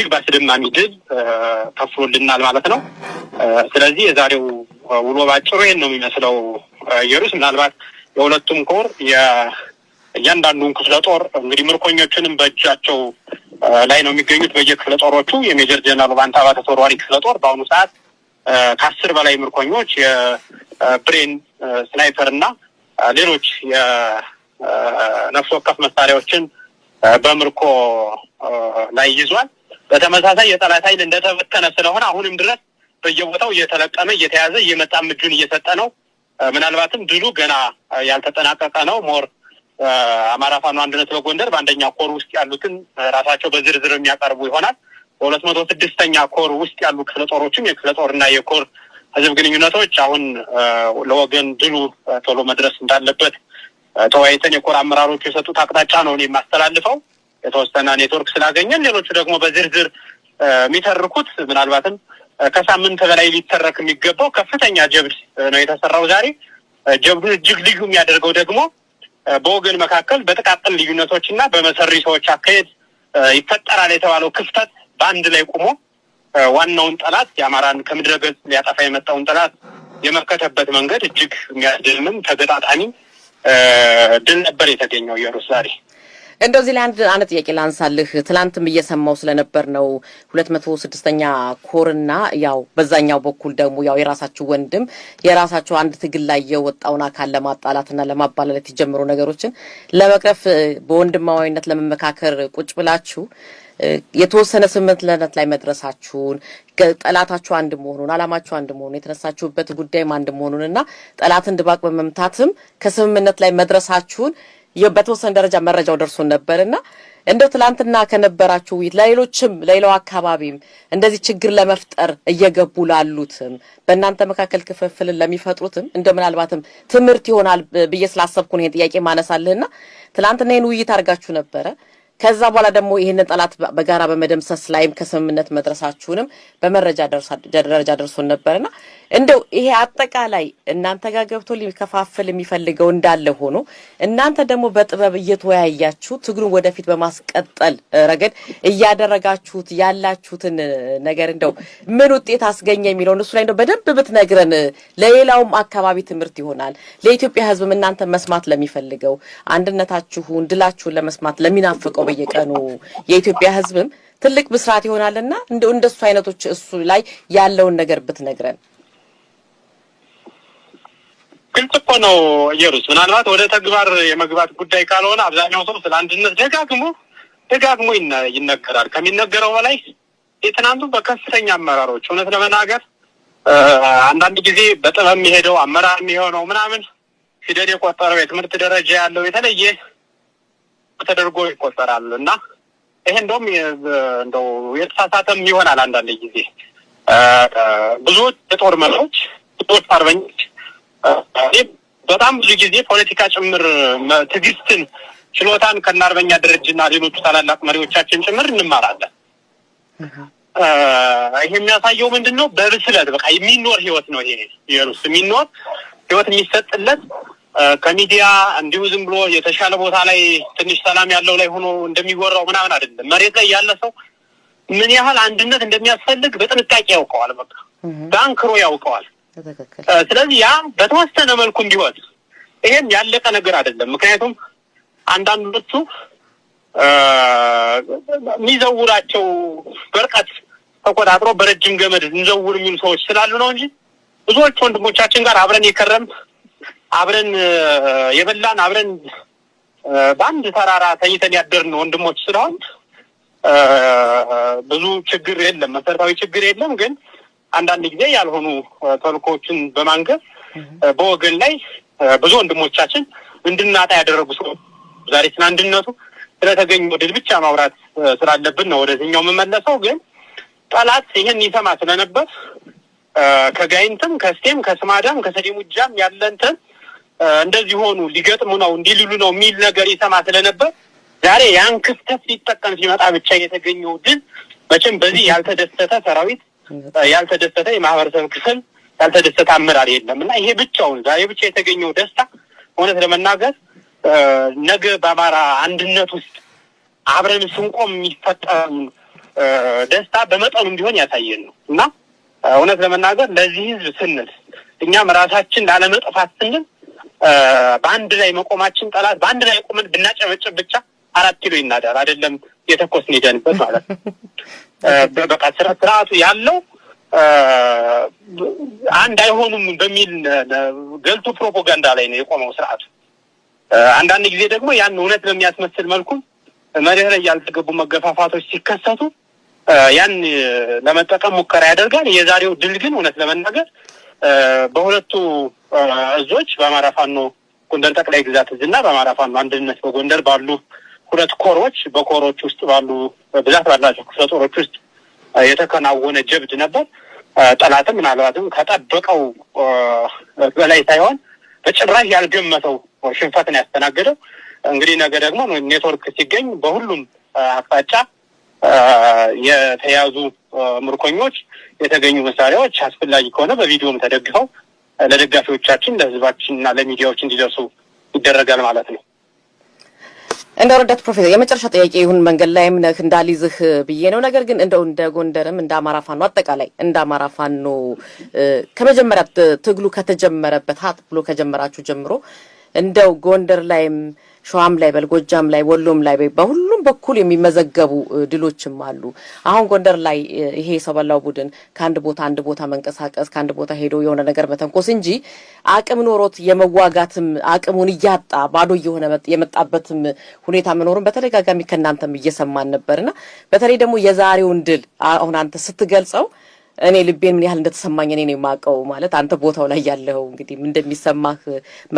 እጅግ በአስደማሚ ድል ከፍሎልናል ማለት ነው። ስለዚህ የዛሬው ውሎ ባጭሩ ይህን ነው የሚመስለው። ኢየሩስ ምናልባት የሁለቱም ኮር እያንዳንዱን ክፍለ ጦር እንግዲህ ምርኮኞችንም በእጃቸው ላይ ነው የሚገኙት። በየክፍለ ጦሮቹ የሜጀር ጀነራል ባንታ ባተ ተወርዋሪ ክፍለ ጦር በአሁኑ ሰዓት ከአስር በላይ ምርኮኞች የብሬን ስናይፐር እና ሌሎች የነፍስ ወከፍ መሳሪያዎችን በምርኮ ላይ ይዟል። በተመሳሳይ የጠላት ኃይል እንደተበተነ ስለሆነ አሁንም ድረስ በየቦታው እየተለቀመ እየተያዘ እየመጣም እጁን እየሰጠ ነው። ምናልባትም ድሉ ገና ያልተጠናቀቀ ነው። ሞር አማራ ፋኖ አንድነት በጎንደር በአንደኛ ኮር ውስጥ ያሉትን ራሳቸው በዝርዝር የሚያቀርቡ ይሆናል። በሁለት መቶ ስድስተኛ ኮር ውስጥ ያሉ ክፍለ ጦሮችም የክፍለ ጦርና የኮር ህዝብ ግንኙነቶች አሁን ለወገን ድሉ ቶሎ መድረስ እንዳለበት ተወያይተን የኮር አመራሮቹ የሰጡት አቅጣጫ ነው እኔ የማስተላልፈው። የተወሰነ ኔትወርክ ስላገኘን፣ ሌሎቹ ደግሞ በዝርዝር የሚተርኩት ምናልባትም ከሳምንት በላይ ሊተረክ የሚገባው ከፍተኛ ጀብድ ነው የተሰራው ዛሬ። ጀብዱን እጅግ ልዩ የሚያደርገው ደግሞ በወገን መካከል በጥቃቅን ልዩነቶች እና በመሰሪ ሰዎች አካሄድ ይፈጠራል የተባለው ክፍተት በአንድ ላይ ቁሞ ዋናውን ጠላት የአማራን ከምድረገጽ ሊያጠፋ የመጣውን ጠላት የመከተበት መንገድ እጅግ የሚያስደምም ተገጣጣሚ ድል ነበር የተገኘው የሩስ ዛሬ። እንደዚህ ላይ አንድ አንድ ጥያቄ ላንሳልህ። ትላንትም እየሰማው ስለነበር ነው ሁለት መቶ ስድስተኛ ኮርና ያው በዛኛው በኩል ደግሞ ያው የራሳችሁ ወንድም የራሳችሁ አንድ ትግል ላይ የወጣውን አካል ለማጣላትና ለማባላለት የጀመሩ ነገሮችን ለመቅረፍ በወንድማዊነት ለመመካከር ቁጭ ብላችሁ የተወሰነ ስምምነት ላይ መድረሳችሁን ጠላታችሁ አንድ መሆኑን አላማችሁ አንድ መሆኑን የተነሳችሁበት ጉዳይም አንድ መሆኑን እና ጠላትን ድባቅ በመምታትም ከስምምነት ላይ መድረሳችሁን በተወሰነ ደረጃ መረጃው ደርሶን ነበር እና እንደው ትላንትና ከነበራችሁ ውይይት ለሌሎችም ለሌላው አካባቢም እንደዚህ ችግር ለመፍጠር እየገቡ ላሉትም በእናንተ መካከል ክፍፍልን ለሚፈጥሩትም እንደው ምናልባትም ትምህርት ይሆናል ብዬ ስላሰብኩ ይሄን ጥያቄ ማነሳልህና ትላንትና ይህን ውይይት አድርጋችሁ ነበረ። ከዛ በኋላ ደግሞ ይህንን ጠላት በጋራ በመደምሰስ ላይም ከስምምነት መድረሳችሁንም በመረጃ ደረጃ ደርሶን ነበርና እንደው ይሄ አጠቃላይ እናንተ ጋር ገብቶ ሊከፋፍል የሚፈልገው እንዳለ ሆኖ እናንተ ደግሞ በጥበብ እየተወያያችሁ ትግሩን ወደፊት በማስቀጠል ረገድ እያደረጋችሁት ያላችሁትን ነገር እንደው ምን ውጤት አስገኘ የሚለውን እሱ ላይ እንደው በደንብ ብትነግረን ለሌላውም አካባቢ ትምህርት ይሆናል። ለኢትዮጵያ ሕዝብም እናንተ መስማት ለሚፈልገው አንድነታችሁን ድላችሁን ለመስማት ለሚናፍቀው በየቀኑ የኢትዮጵያ ህዝብም ትልቅ ብስራት ይሆናልና እንደ እንደሱ አይነቶች እሱ ላይ ያለውን ነገር ብትነግረን። ግልጽ እኮ ነው እየሩስ ምናልባት ወደ ተግባር የመግባት ጉዳይ ካልሆነ አብዛኛው ሰው ስለ አንድነት ደጋግሞ ደጋግሞ ይነገራል። ከሚነገረው በላይ የትናንቱ በከፍተኛ አመራሮች እውነት ለመናገር አንዳንድ ጊዜ በጥበብ የሚሄደው አመራር የሚሆነው ምናምን ፊደል የቆጠረው የትምህርት ደረጃ ያለው የተለየ ተደርጎ ይቆጠራል እና ይሄ እንደውም እንደው የተሳሳተም ይሆናል አንዳንድ ጊዜ ብዙዎች የጦር መሪዎች፣ ብዙዎች አርበኞች በጣም ብዙ ጊዜ ፖለቲካ ጭምር ትዕግስትን፣ ችሎታን ከነ አርበኛ ደረጀና ሌሎቹ ታላላቅ መሪዎቻችን ጭምር እንማራለን። ይሄ የሚያሳየው ምንድን ነው? በብስለት በቃ የሚኖር ህይወት ነው። ይሄ የሩስ የሚኖር ህይወት የሚሰጥለት ከሚዲያ እንዲሁ ዝም ብሎ የተሻለ ቦታ ላይ ትንሽ ሰላም ያለው ላይ ሆኖ እንደሚወራው ምናምን አይደለም። መሬት ላይ ያለ ሰው ምን ያህል አንድነት እንደሚያስፈልግ በጥንቃቄ ያውቀዋል። በቃ በአንክሮ ያውቀዋል። ስለዚህ ያ በተወሰነ መልኩ እንዲሆን ይሄም ያለቀ ነገር አይደለም። ምክንያቱም አንዳንዶቹ የሚዘውራቸው በርቀት ተቆጣጥሮ በረጅም ገመድ እንዘውር የሚሉ ሰዎች ስላሉ ነው እንጂ ብዙዎች ወንድሞቻችን ጋር አብረን የከረም አብረን የበላን አብረን በአንድ ተራራ ተኝተን ያደርን ወንድሞች ስለሆን ብዙ ችግር የለም፣ መሰረታዊ ችግር የለም። ግን አንዳንድ ጊዜ ያልሆኑ ተልኮዎችን በማንገብ በወገን ላይ ብዙ ወንድሞቻችን እንድናጣ ያደረጉ ሰው ዛሬ ስለ አንድነቱ ስለተገኘ ድል ብቻ ማውራት ስላለብን ነው ወደዚህኛው የምመለሰው። ግን ጠላት ይህን ይሰማ ስለነበር ከጋይንትም ከስቴም ከስማዳም ከሰዲሙጃም ያለንትን እንደዚህ ሆኑ ሊገጥሙ ነው እንዲልሉ ነው የሚል ነገር ይሰማ ስለነበር ዛሬ ያን ክፍተት ሊጠቀም ሲመጣ ብቻ የተገኘው ድል መቼም በዚህ ያልተደሰተ ሰራዊት፣ ያልተደሰተ የማህበረሰብ ክፍል፣ ያልተደሰተ አመራር የለም እና ይሄ ብቻውን ዛሬ ብቻ የተገኘው ደስታ እውነት ለመናገር ነገ በአማራ አንድነት ውስጥ አብረን ስንቆም የሚፈጠም ደስታ በመጠኑም ቢሆን ያሳየን ነው እና እውነት ለመናገር ለዚህ ህዝብ ስንል እኛም ራሳችን ላለመጥፋት ስንል በአንድ ላይ መቆማችን ጠላት በአንድ ላይ ቆመን ብናጨበጭብ ብቻ አራት ኪሎ ይናዳል። አይደለም የተኮስ ሄደንበት ማለት ነው። በቃ ስርዓቱ ያለው አንድ አይሆኑም በሚል ገልቱ ፕሮፓጋንዳ ላይ ነው የቆመው ስርዓቱ። አንዳንድ ጊዜ ደግሞ ያን እውነት በሚያስመስል መልኩ መሬት ላይ ያልተገቡ መገፋፋቶች ሲከሰቱ ያን ለመጠቀም ሙከራ ያደርጋል። የዛሬው ድል ግን እውነት ለመናገር በሁለቱ እዞች በአማራ ፋኖ ጎንደር ጠቅላይ ግዛት እዝ እና በአማራ ፋኖ አንድነት በጎንደር ባሉ ሁለት ኮሮች በኮሮች ውስጥ ባሉ ብዛት ባላቸው ክፍለ ጦሮች ውስጥ የተከናወነ ጀብድ ነበር። ጠላትም ምናልባትም ከጠበቀው በላይ ሳይሆን በጭራሽ ያልገመተው ሽንፈትን ያስተናገደው። እንግዲህ ነገ ደግሞ ኔትወርክ ሲገኝ በሁሉም አቅጣጫ የተያዙ ምርኮኞች፣ የተገኙ መሳሪያዎች አስፈላጊ ከሆነ በቪዲዮም ተደግፈው ለደጋፊዎቻችን እና ለሚዲያዎች እንዲደርሱ ይደረጋል ማለት ነው። እንደ ረዳት ፕሮፌሰር የመጨረሻ ጥያቄ ይሁን መንገድ ላይም ነህ እንዳልይዝህ ብዬ ነው። ነገር ግን እንደው እንደ ጎንደርም እንደ አማራ ፋኖ አጠቃላይ እንደ አማራ ፋኖ ከመጀመሪያ ትግሉ ከተጀመረበት ሀጥ ብሎ ከጀመራችሁ ጀምሮ እንደው ጎንደር ላይም ሸዋም ላይ በልጎጃም ላይ ወሎም ላይ በሁሉም በኩል የሚመዘገቡ ድሎችም አሉ። አሁን ጎንደር ላይ ይሄ የሰበላው ቡድን ከአንድ ቦታ አንድ ቦታ መንቀሳቀስ ከአንድ ቦታ ሄዶ የሆነ ነገር መተንኮስ እንጂ አቅም ኖሮት የመዋጋትም አቅሙን እያጣ ባዶ እየሆነ የመጣበትም ሁኔታ መኖሩን በተደጋጋሚ ከእናንተም እየሰማን ነበርና በተለይ ደግሞ የዛሬውን ድል አሁን አንተ ስትገልጸው እኔ ልቤን ምን ያህል እንደተሰማኝ እኔ ነው የማውቀው። ማለት አንተ ቦታው ላይ ያለው እንግዲህ እንደሚሰማህ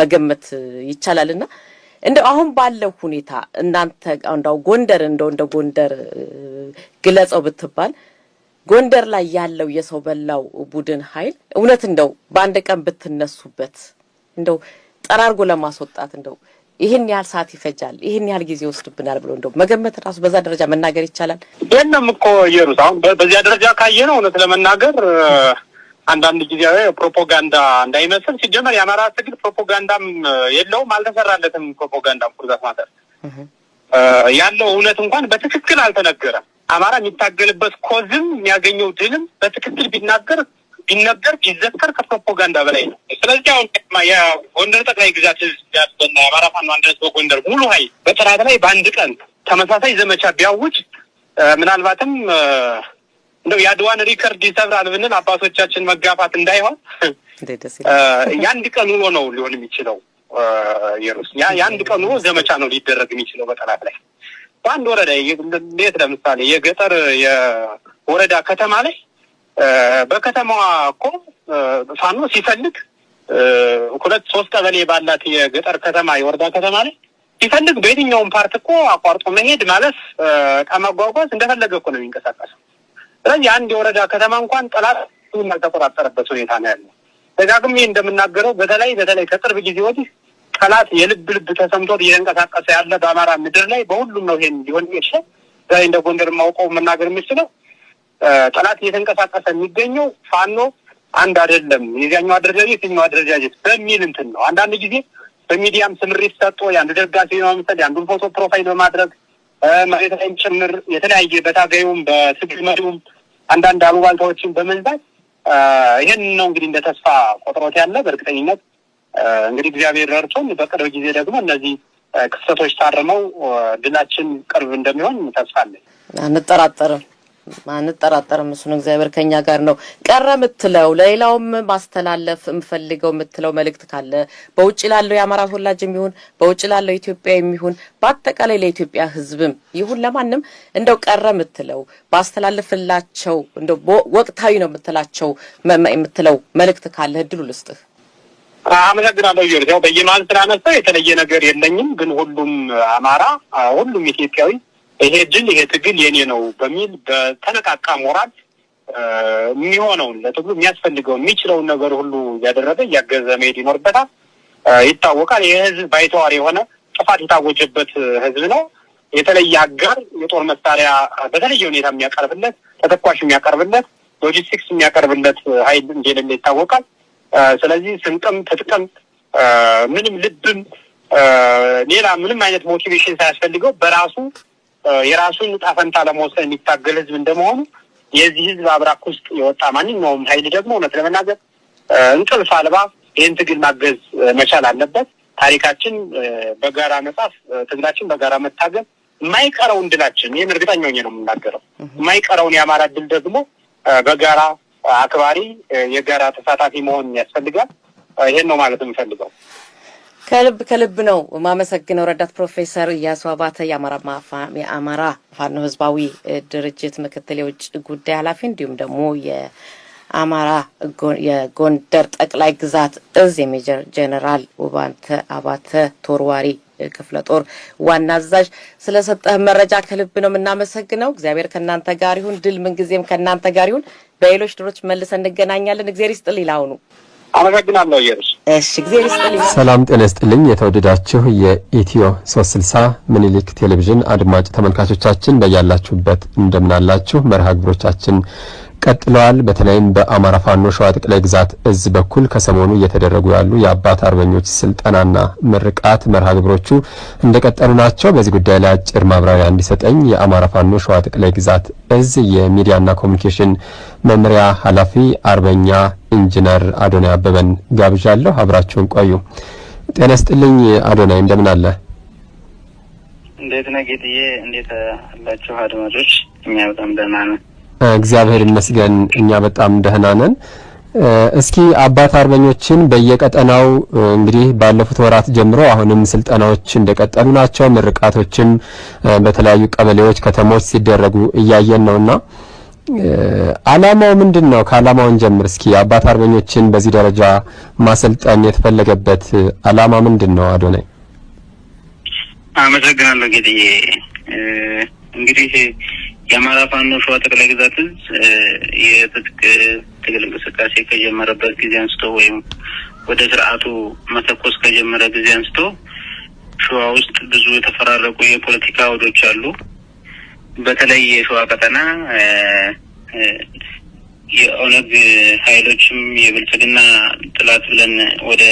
መገመት ይቻላልና እንደ አሁን ባለው ሁኔታ እናንተ እንደው ጎንደር እንደው እንደ ጎንደር ግለጸው ብትባል ጎንደር ላይ ያለው የሰው በላው ቡድን ኃይል እውነት እንደው በአንድ ቀን ብትነሱበት እንደው ጠራርጎ ለማስወጣት እንደው ይህን ያህል ሰዓት ይፈጃል፣ ይህን ያህል ጊዜ ይወስድብናል ብሎ እንደው መገመት ራሱ በዛ ደረጃ መናገር ይቻላል? የለም እኮ የሩት አሁን በዚያ ደረጃ ካየነው እውነት ለመናገር አንዳንድ ጊዜያዊ ፕሮፓጋንዳ እንዳይመስል ሲጀመር የአማራ ትግል ፕሮፓጋንዳም የለውም፣ አልተሰራለትም። ፕሮፓጋንዳም ኩርዛት ማተር ያለው እውነት እንኳን በትክክል አልተነገረም። አማራ የሚታገልበት ኮዝም የሚያገኘው ድልም በትክክል ቢናገር ቢነገር ቢዘከር ከፕሮፓጋንዳ በላይ ነው። ስለዚህ አሁን የጎንደር ጠቅላይ ግዛት ህዝብ የአማራ ፋኖ አንድነት በጎንደር ሙሉ ሀይል በጥራት ላይ በአንድ ቀን ተመሳሳይ ዘመቻ ቢያውጅ ምናልባትም እንደው የአድዋን ሪከርድ ይሰብራል ብንል አባቶቻችን መጋፋት እንዳይሆን የአንድ ቀን ውሎ ነው ሊሆን የሚችለው። የሩስ የአንድ ቀን ውሎ ዘመቻ ነው ሊደረግ የሚችለው በጠላት ላይ በአንድ ወረዳ ቤት ለምሳሌ የገጠር የወረዳ ከተማ ላይ በከተማዋ እኮ ፋኖ ሲፈልግ ሁለት ሶስት ቀበሌ ባላት የገጠር ከተማ የወረዳ ከተማ ላይ ሲፈልግ በየትኛውም ፓርት እኮ አቋርጦ መሄድ ማለት ዕቃ እንደፈለገ እኮ ነው የሚንቀሳቀሰው። ስለዚህ አንድ የወረዳ ከተማ እንኳን ጠላት ያልተቆጣጠረበት ሁኔታ ነው ያለው። ደጋግሜ እንደምናገረው በተለይ በተለይ ከቅርብ ጊዜ ወዲህ ጠላት የልብ ልብ ተሰምቶ እየተንቀሳቀሰ ያለ በአማራ ምድር ላይ በሁሉም ነው። ይሄን ሊሆን የሚችለው ዛሬ እንደ ጎንደር ማውቀው መናገር የሚችለው ጠላት እየተንቀሳቀሰ የሚገኘው ፋኖ አንድ አይደለም፣ የዚያኛው አደረጃጀት የኛው አደረጃጀት በሚል እንትን ነው። አንዳንድ ጊዜ በሚዲያም ስምሪት ሰጦ የአንድ ደጋፊ መምሰል የአንዱን ፎቶ ፕሮፋይል በማድረግ መሬት ላይም ጭምር የተለያየ በታገዩም በትግል መሪውም አንዳንድ አሉባልታዎችን በመንዛት ይህን ነው እንግዲህ እንደ ተስፋ ቆጥሮት ያለ በእርግጠኝነት እንግዲህ እግዚአብሔር ረድቶን በቅርብ ጊዜ ደግሞ እነዚህ ክስተቶች ታርመው ድላችን ቅርብ እንደሚሆን ተስፋ አለን፣ አንጠራጠርም። አንጠራጠርም። እሱን እግዚአብሔር ከኛ ጋር ነው። ቀረ ምትለው ለሌላውም ማስተላለፍ የምፈልገው የምትለው መልእክት ካለ በውጭ ላለው የአማራ ተወላጅ የሚሆን በውጭ ላለው ኢትዮጵያ የሚሆን በአጠቃላይ ለኢትዮጵያ ሕዝብም ይሁን ለማንም እንደው ቀረ ምትለው ባስተላልፍላቸው እንደው ወቅታዊ ነው የምትላቸው የምትለው መልእክት ካለ እድሉ ልስጥህ። አመሰግናለሁ። ይርዳው በየማን ስላነሳ የተለየ ነገር የለኝም፣ ግን ሁሉም አማራ ሁሉም ኢትዮጵያዊ ይሄ ድል ይሄ ትግል የኔ ነው በሚል በተነቃቃ ሞራል የሚሆነውን ለትግሉ የሚያስፈልገው የሚችለውን ነገር ሁሉ እያደረገ እያገዘ መሄድ ይኖርበታል። ይታወቃል። ይህ ህዝብ ባይተዋር የሆነ ጥፋት የታወጀበት ህዝብ ነው። የተለየ አጋር የጦር መሳሪያ በተለየ ሁኔታ የሚያቀርብለት ተተኳሽ የሚያቀርብለት ሎጂስቲክስ የሚያቀርብለት ኃይል እንደሌለ ይታወቃል። ስለዚህ ስንቅም ትጥቅም ምንም ልብም ሌላ ምንም አይነት ሞቲቬሽን ሳያስፈልገው በራሱ የራሱን ዕጣ ፈንታ ለመወሰን የሚታገል ህዝብ እንደመሆኑ የዚህ ህዝብ አብራክ ውስጥ የወጣ ማንኛውም ኃይል ደግሞ እውነት ለመናገር እንቅልፍ አልባ ይህን ትግል ማገዝ መቻል አለበት። ታሪካችን በጋራ መጻፍ፣ ትግላችን በጋራ መታገል የማይቀረውን ድላችን ይህን እርግጠኛ ሆኜ ነው የምናገረው። የማይቀረውን የአማራ ድል ደግሞ በጋራ አክባሪ፣ የጋራ ተሳታፊ መሆን ያስፈልጋል። ይሄን ነው ማለት የምፈልገው። ከልብ ከልብ ነው ማመሰግነው ረዳት ፕሮፌሰር እያሱ አባተ የአማራ ፋኖ ህዝባዊ ድርጅት ምክትል የውጭ ጉዳይ ኃላፊ እንዲሁም ደግሞ የአማራ የጎንደር ጠቅላይ ግዛት እዝ የሜጀር ጀነራል ውባንተ አባተ ቶርዋሪ ክፍለ ጦር ዋና አዛዥ ስለሰጠህ መረጃ ከልብ ነው የምናመሰግነው። እግዚአብሔር ከእናንተ ጋር ይሁን። ድል ምንጊዜም ከእናንተ ጋር ይሁን። በሌሎች ድሮች መልሰ እንገናኛለን። እግዚአብሔር ይስጥል ይላውኑ አመሰግናለሁ። ሰላም ጤና ይስጥልኝ። የተወደዳችሁ የኢትዮ 360 ምኒልክ ቴሌቪዥን አድማጭ ተመልካቾቻችን በያላችሁበት እንደምናላችሁ መርሃ ግብሮቻችን ቀጥለዋል። በተለይም በአማራ ፋኖ ሸዋ ጠቅላይ ግዛት እዝ በኩል ከሰሞኑ እየተደረጉ ያሉ የአባት አርበኞች ስልጠናና ምርቃት መርሃ ግብሮቹ እንደቀጠሉ ናቸው። በዚህ ጉዳይ ላይ አጭር ማብራሪያ እንዲሰጠኝ የአማራ ፋኖ ሸዋ ጠቅላይ ግዛት እዝ የሚዲያና ኮሚኒኬሽን መምሪያ ኃላፊ አርበኛ ኢንጂነር አዶናይ አበበን ጋብዣለሁ። አብራችሁን ቆዩ። ጤና ስጥልኝ አዶናይ፣ እንደምን አለ? እንዴት ነህ ጌጥዬ? እንዴት አላችሁ አድማጮች? እኛ በጣም ደህና ነን። እግዚአብሔር ይመስገን እኛ በጣም ደህና ነን። እስኪ አባት አርበኞችን በየቀጠናው እንግዲህ ባለፉት ወራት ጀምሮ አሁንም ስልጠናዎች እንደቀጠሉ ናቸው። ምርቃቶችም በተለያዩ ቀበሌዎች፣ ከተሞች ሲደረጉ እያየን ነውና አላማው ምንድን ነው? ከአላማውን ጀምር እስኪ አባት አርበኞችን በዚህ ደረጃ ማሰልጠን የተፈለገበት አላማ ምንድን ነው? አዶናይ አመሰግናለሁ ጌጥዬ። እንግዲህ የአማራ ፋኖ ሸዋ ጠቅላይ ግዛት እዝ የትጥቅ ትግል እንቅስቃሴ ከጀመረበት ጊዜ አንስቶ ወይም ወደ ስርዓቱ መተኮስ ከጀመረ ጊዜ አንስቶ ሸዋ ውስጥ ብዙ የተፈራረቁ የፖለቲካ አውዶች አሉ። በተለይ የሸዋ ቀጠና የኦነግ ኃይሎችም የብልጽግና ጥላት ብለን ወደ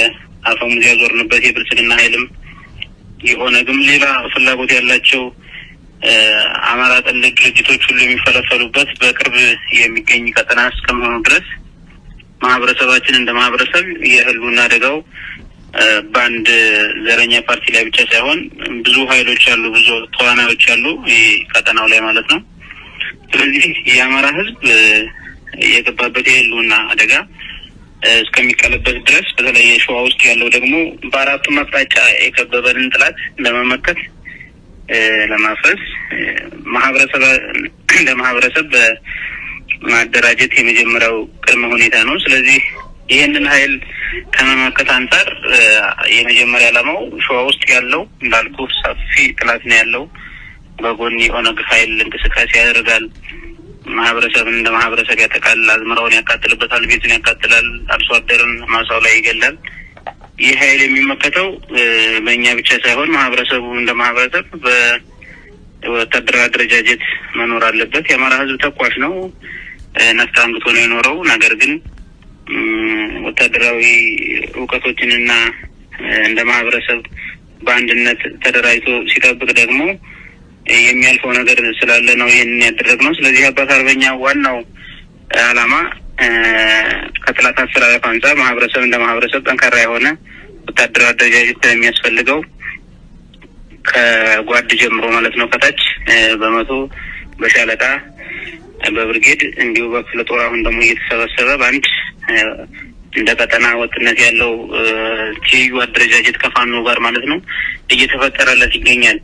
አፈሙዝ ያዞርንበት የብልጽግና ኃይልም የኦነግም ሌላ ፍላጎት ያላቸው አማራ ጥልቅ ድርጅቶች ሁሉ የሚፈለፈሉበት በቅርብ የሚገኝ ቀጠና እስከመሆኑ ድረስ ማህበረሰባችን እንደ ማህበረሰብ የህልውና አደጋው በአንድ ዘረኛ ፓርቲ ላይ ብቻ ሳይሆን ብዙ ሀይሎች አሉ፣ ብዙ ተዋናዮች አሉ ቀጠናው ላይ ማለት ነው። ስለዚህ የአማራ ህዝብ የገባበት የህልውና አደጋ እስከሚቀለበት ድረስ በተለይ ሸዋ ውስጥ ያለው ደግሞ በአራቱም አቅጣጫ የከበበንን ጥላት ለመመከት ለማፍረስ ማህበረሰብ እንደ ማህበረሰብ በማደራጀት የመጀመሪያው ቅድመ ሁኔታ ነው። ስለዚህ ይህንን ኃይል ከመመከት አንጻር የመጀመሪያ ዓላማው ሸዋ ውስጥ ያለው እንዳልኩ ሰፊ ጥላት ነው ያለው። በጎን የኦነግ ሀይል እንቅስቃሴ ያደርጋል። ማህበረሰብን እንደ ማህበረሰብ ያጠቃል። አዝመራውን ያቃጥልበታል፣ ቤቱን ያቃጥላል፣ አርሶ አደርን ማሳው ላይ ይገላል። ይህ ኃይል የሚመከተው በእኛ ብቻ ሳይሆን ማህበረሰቡ እንደ ማህበረሰብ በወታደራዊ አደረጃጀት መኖር አለበት። የአማራ ህዝብ ተኳሽ ነው፣ ነፍጥ አንግቶ ነው የኖረው። ነገር ግን ወታደራዊ እውቀቶችንና እንደ ማህበረሰብ በአንድነት ተደራጅቶ ሲጠብቅ ደግሞ የሚያልፈው ነገር ስላለ ነው ይህንን ያደረግነው። ስለዚህ አባት አርበኛ ዋናው አላማ። ከጥላት አሰላለፍ አንጻር ማህበረሰብ እንደ ማህበረሰብ ጠንካራ የሆነ ወታደራዊ አደረጃጀት ስለሚያስፈልገው ከጓድ ጀምሮ ማለት ነው ከታች በመቶ በሻለቃ በብርጌድ እንዲሁ በክፍለ ጦር አሁን ደግሞ እየተሰበሰበ በአንድ እንደ ቀጠና ወጥነት ያለው ትይዩ አደረጃጀት ከፋኖ ጋር ማለት ነው እየተፈጠረለት ይገኛል።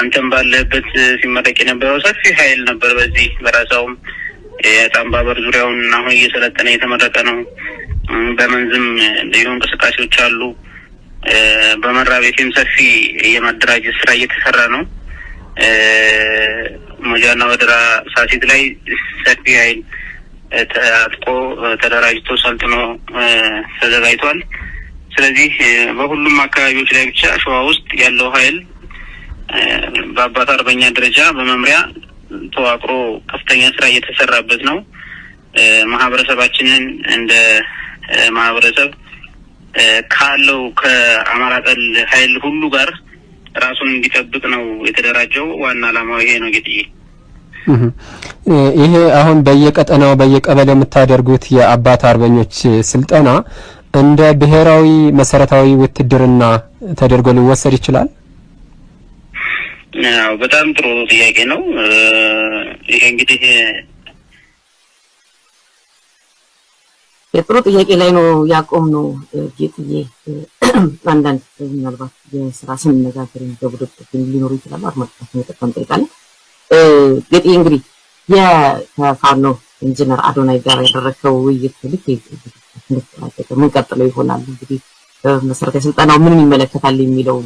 አንተም ባለበት ሲመረቅ የነበረው ሰፊ ኃይል ነበር። በዚህ በራሳውም የጣምባበር ዙሪያውን አሁን እየሰለጠነ የተመረቀ ነው። በመንዝም ልዩ እንቅስቃሴዎች አሉ። በመራ ቤቴም ሰፊ የማደራጀት ስራ እየተሰራ ነው። ሞጃና ወደራ ሳሲት ላይ ሰፊ ኃይል ታጥቆ ተደራጅቶ ሰልጥኖ ተዘጋጅቷል። ስለዚህ በሁሉም አካባቢዎች ላይ ብቻ ሸዋ ውስጥ ያለው ኃይል በአባት አርበኛ ደረጃ በመምሪያ ተዋቅሮ ከፍተኛ ስራ እየተሰራበት ነው። ማህበረሰባችንን እንደ ማህበረሰብ ካለው ከአማራ ጠል ኃይል ሁሉ ጋር ራሱን እንዲጠብቅ ነው የተደራጀው። ዋና ዓላማው ይሄ ነው። ጌጥዬ፣ ይሄ አሁን በየቀጠናው በየቀበሌው የምታደርጉት የአባት አርበኞች ስልጠና እንደ ብሔራዊ መሰረታዊ ውትድርና ተደርጎ ሊወሰድ ይችላል? ያው በጣም ጥሩ ጥያቄ ነው። ይሄ እንግዲህ የጥሩ ጥያቄ ላይ ነው ያቆም ነው ጌጥዬ። አንዳንድ ምናልባት የስራ ስንነጋገር በቡድብ ሊኖሩ ይችላሉ። አድማጮቻችን የጠቀም ጠይቃለን። ጌጥዬ እንግዲህ የፋኖ ኢንጂነር አዶናይ ጋር ያደረግከው ውይይት ልክ እንደተጠናቀቀ ምን ይሆናል እንግዲህ መሰረታዊ ስልጠናው ምንም ይመለከታል የሚለው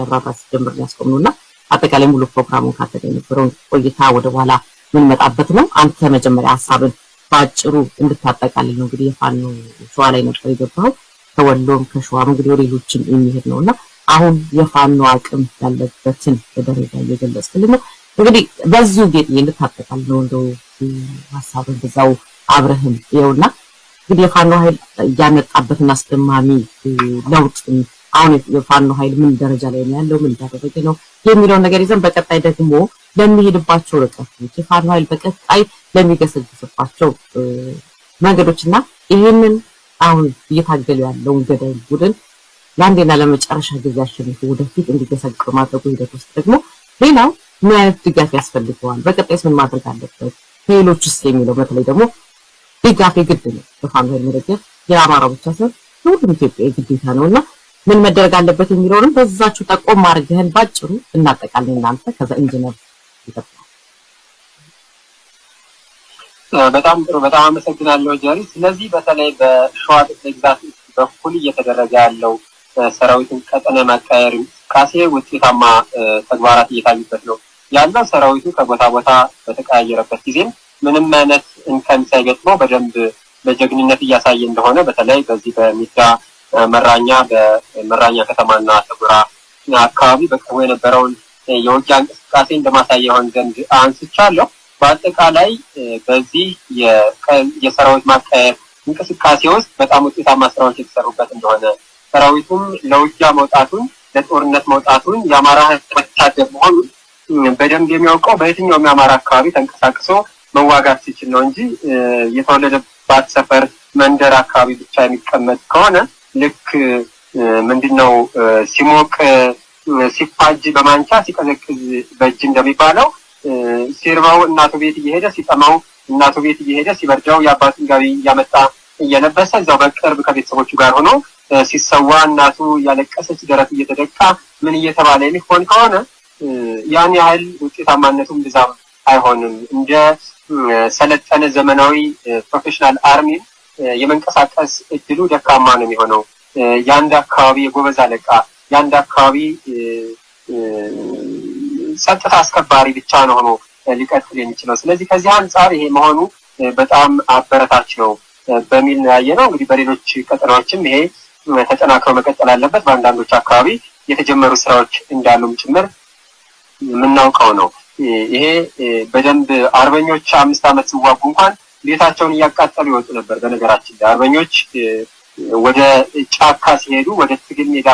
ያብራራ ሲጀምር ያስቆም ነው እና አጠቃላይ ሙሉ ፕሮግራሙን ካተደ የነበረውን ቆይታ ወደ በኋላ የምንመጣበት ነው። አንተ መጀመሪያ ሀሳብን በአጭሩ እንድታጠቃልል ነው። እንግዲህ የፋኖ ሸዋ ላይ ነበር የገባው ከወሎም ከሸዋም እንግዲህ ወደ ሌሎችም የሚሄድ ነው እና አሁን የፋኖ አቅም ያለበትን ደረጃ እየገለጽክልን ነው። እንግዲህ በዙ ጌጥ እንድታጠቃልል ነው እንደው ሀሳብን በዛው አብረህም ይኸውና እንግዲህ የፋኖ ኃይል እያመጣበትን አስደማሚ ለውጥ አሁን የፋኖ ኃይል ምን ደረጃ ላይ ነው ያለው? ምን እያደረገ ነው? የሚለውን ነገር ይዘን በቀጣይ ደግሞ ለሚሄድባቸው ርቀቶች የፋኖ ኃይል በቀጣይ ለሚገሰግስባቸው መንገዶች እና ይህንን አሁን እየታገሉ ያለውን ገዳይ ቡድን ለአንዴና ለመጨረሻ ጊዜ አሸንፎ ወደፊት እንዲገሰግር ማድረጉ ሂደት ውስጥ ደግሞ ሌላው ምን አይነት ድጋፍ ያስፈልገዋል፣ በቀጣይስ ምን ማድረግ አለበት፣ ከሌሎች ውስጥ የሚለው በተለይ ደግሞ ድጋፍ የግድ ነው። በፋኖ ኃይል መደገፍ የአማራ ብቻ ሳይሆን የሁሉም ኢትዮጵያ የግዴታ ነው እና ምን መደረግ አለበት የሚለውንም በዛችሁ ጠቆም አድርገህን ባጭሩ እናጠቃለን። እናንተ ከዛ ኢንጂነር በጣም ጥሩ። በጣም አመሰግናለሁ ጀሪ። ስለዚህ በተለይ በሸዋ ጠቅላይ ግዛት በኩል እየተደረገ ያለው ሰራዊትን ቀጠነ ማቃየር እንቅስቃሴ ውጤታማ ተግባራት እየታዩበት ነው ያለው። ሰራዊቱ ከቦታ ቦታ በተቀያየረበት ጊዜም ምንም አይነት እንከን ሳይገጥመው በደንብ በጀግንነት እያሳየ እንደሆነ በተለይ በዚህ በሚዳ መራኛ በመራኛ ከተማና ተጉራ አካባቢ በቅርቡ የነበረውን የውጊያ እንቅስቃሴ እንደማሳያ ይሆን ዘንድ አንስቻለሁ። በአጠቃላይ በዚህ የሰራዊት ማካሄድ እንቅስቃሴ ውስጥ በጣም ውጤታማ ስራዎች የተሰሩበት እንደሆነ ሰራዊቱም ለውጊያ መውጣቱን ለጦርነት መውጣቱን የአማራ ወታደር በደንብ የሚያውቀው በየትኛውም የአማራ አካባቢ ተንቀሳቅሶ መዋጋት ሲችል ነው እንጂ የተወለደባት ሰፈር፣ መንደር አካባቢ ብቻ የሚቀመጥ ከሆነ ልክ ምንድን ነው ሲሞቅ ሲፋጅ በማንቻ ሲቀዘቅዝ በእጅ እንደሚባለው ሲርበው እናቱ ቤት እየሄደ ሲጠማው እናቱ ቤት እየሄደ ሲበርደው የአባቱን ጋቢ እያመጣ እየለበሰ እዛው በቅርብ ከቤተሰቦቹ ጋር ሆኖ ሲሰዋ እናቱ እያለቀሰች ደረት እየተደቃ ምን እየተባለ የሚሆን ከሆነ ያን ያህል ውጤታማነቱም ብዛም አይሆንም። እንደ ሰለጠነ ዘመናዊ ፕሮፌሽናል አርሚን የመንቀሳቀስ እድሉ ደካማ ነው የሚሆነው። የአንድ አካባቢ የጎበዝ አለቃ፣ የአንድ አካባቢ ጸጥታ አስከባሪ ብቻ ነው ሆኖ ሊቀጥል የሚችለው። ስለዚህ ከዚህ አንጻር ይሄ መሆኑ በጣም አበረታች ነው በሚል ነው እንግዲህ በሌሎች ቀጠናዎችም ይሄ ተጠናክሮ መቀጠል አለበት። በአንዳንዶች አካባቢ የተጀመሩ ስራዎች እንዳሉም ጭምር የምናውቀው ነው። ይሄ በደንብ አርበኞች አምስት ዓመት ሲዋጉ እንኳን ቤታቸውን እያቃጠሉ ይወጡ ነበር። በነገራችን ላይ አርበኞች ወደ ጫካ ሲሄዱ፣ ወደ ትግል ሜዳ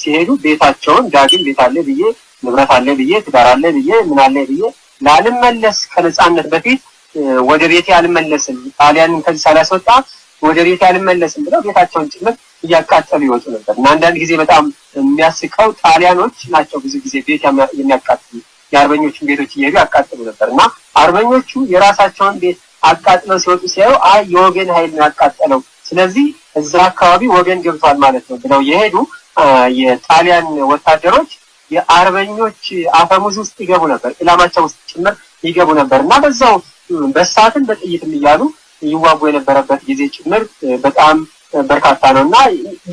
ሲሄዱ ቤታቸውን ዳግም ቤት አለ ብዬ ንብረት አለ ብዬ ትዳር አለ ብዬ ምን አለ ብዬ ላልመለስ ከነፃነት በፊት ወደ ቤቴ አልመለስም፣ ጣሊያንን ከዚህ ሳላስወጣ ወደ ቤቴ አልመለስም ብለው ቤታቸውን ጭምር እያቃጠሉ ይወጡ ነበር እና አንዳንድ ጊዜ በጣም የሚያስቀው ጣሊያኖች ናቸው ብዙ ጊዜ ቤት የሚያቃጥሉ የአርበኞቹን ቤቶች እየሄዱ ያቃጥሉ ነበር እና አርበኞቹ የራሳቸውን ቤት አቃጥለው ሲወጡ ሲያዩ አይ የወገን ኃይል ነው ያቃጠለው፣ ስለዚህ እዛ አካባቢ ወገን ገብቷል ማለት ነው ብለው የሄዱ የጣሊያን ወታደሮች የአርበኞች አፈሙዝ ውስጥ ይገቡ ነበር፣ ኢላማቸው ውስጥ ጭምር ይገቡ ነበር እና በዛው በሳትን በጥይትም እያሉ ይዋጉ የነበረበት ጊዜ ጭምር በጣም በርካታ ነው እና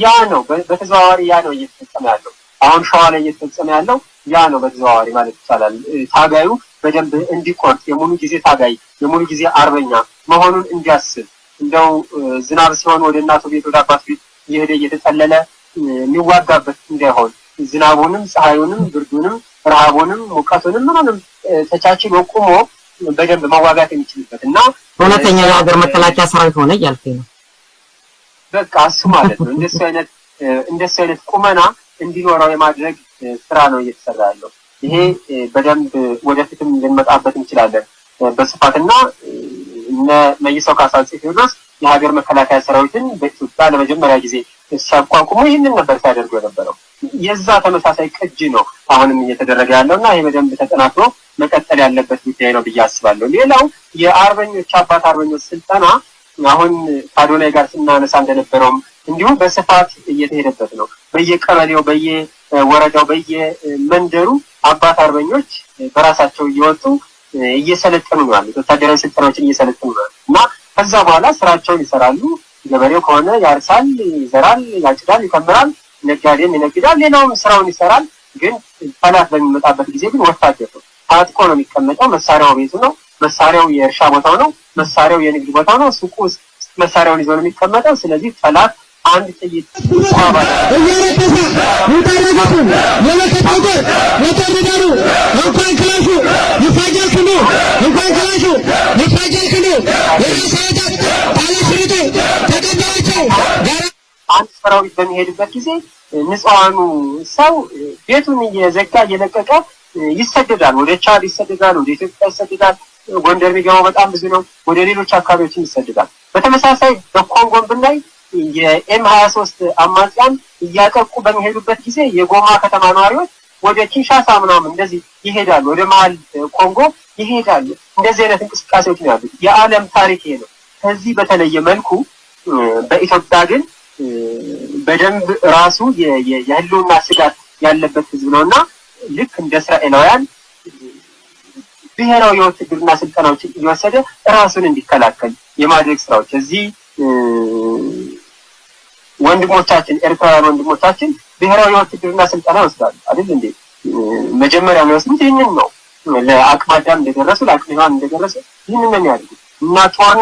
ያ ነው በተዘዋዋሪ ያ ነው እየተፈጸመ ያለው አሁን ሸዋ ላይ እየተፈጸመ ያለው ያ ነው በተዘዋዋሪ ማለት ይቻላል። ታጋዩ በደንብ እንዲቆርጥ የሙሉ ጊዜ ታጋይ የሙሉ ጊዜ አርበኛ መሆኑን እንዲያስብ እንደው ዝናብ ሲሆን ወደ እናቱ ቤት ወደ አባት ቤት እየሄደ እየተጠለለ የሚዋጋበት እንዳይሆን ዝናቡንም ፀሐዩንም ብርዱንም ረሃቡንም ሙቀቱንም ምኑንም ተቻችሎ ቁሞ በደንብ መዋጋት የሚችልበት እና በእውነተኛ የሀገር መከላከያ ሰራዊት ሆነ እያልኩኝ ነው። በቃ እሱ ማለት ነው። እንደሱ አይነት እንደሱ አይነት ቁመና እንዲኖረው የማድረግ ስራ ነው እየተሰራ ያለው። ይሄ በደንብ ወደፊትም ልንመጣበት እንችላለን በስፋትና እነ መይሰው ካሳ ቴዎድሮስ የሀገር መከላከያ ሰራዊትን በኢትዮጵያ ለመጀመሪያ ጊዜ ሲያቋቁሙ ይህንን ነበር ሲያደርጉ የነበረው። የዛ ተመሳሳይ ቅጅ ነው አሁንም እየተደረገ ያለው እና ይህ በደንብ ተጠናክሮ መቀጠል ያለበት ጉዳይ ነው ብዬ አስባለሁ። ሌላው የአርበኞች አባት አርበኞች ስልጠና አሁን ከአዶናይ ጋር ስናነሳ እንደነበረውም እንዲሁም በስፋት እየተሄደበት ነው። በየቀበሌው፣ በየወረዳው፣ በየመንደሩ አባት አርበኞች በራሳቸው እየወጡ እየሰለጠኑ ነው ወታደራዊ ስልጠናዎችን እየሰለጠኑ ነው እና ከዛ በኋላ ስራቸውን ይሰራሉ። ገበሬው ከሆነ ያርሳል፣ ይዘራል፣ ያጭዳል፣ ይከምራል። ነጋዴም ይነግዳል፣ ሌላውም ስራውን ይሰራል። ግን ጠላት በሚመጣበት ጊዜ ግን ወታደር ነው፣ ታጥቆ ነው የሚቀመጠው። መሳሪያው ቤቱ ነው፣ መሳሪያው የእርሻ ቦታው ነው፣ መሳሪያው የንግድ ቦታው ነው። ሱቁ ውስጥ መሳሪያውን ይዞ ነው የሚቀመጠው። ስለዚህ ጠላት አንድ ጥይት አንድ ሰራዊት በሚሄድበት ጊዜ ንጹሐኑ ሰው ቤቱን እየዘጋ እየለቀቀ ይሰደዳል። ወደ ቻድ ይሰደዳል፣ ወደ ኢትዮጵያ ይሰደዳል። ጎንደር የሚገባው በጣም ብዙ ነው። ወደ ሌሎች አካባቢዎችም ይሰደዳል። በተመሳሳይ በኮንጎን ብናይ የኤም ሀያ ሶስት አማጽያን እያጠቁ በሚሄዱበት ጊዜ የጎማ ከተማ ነዋሪዎች ወደ ኪንሻሳ ምናምን እንደዚህ ይሄዳሉ፣ ወደ መሀል ኮንጎ ይሄዳሉ። እንደዚህ አይነት እንቅስቃሴዎች ነው ያሉት። የዓለም ታሪክ ይሄ ነው። ከዚህ በተለየ መልኩ በኢትዮጵያ ግን በደንብ ራሱ የህልውና ስጋት ያለበት ህዝብ ነው እና ልክ እንደ እስራኤላውያን ብሔራዊ የውትድርና ስልጠናዎችን እየወሰደ ራሱን እንዲከላከል የማድረግ ስራዎች እዚህ ወንድሞቻችን ኤርትራውያን ወንድሞቻችን ብሔራዊ የውትድርና ስልጠና ይወስዳሉ አይደል እንዴ? መጀመሪያ የሚወስዱት ይህንን ነው። ለአቅመ አዳም እንደደረሱ ለአቅመ ሔዋን እንደደረሱ ይህንን ነው የሚያደርጉት እና ጦርነት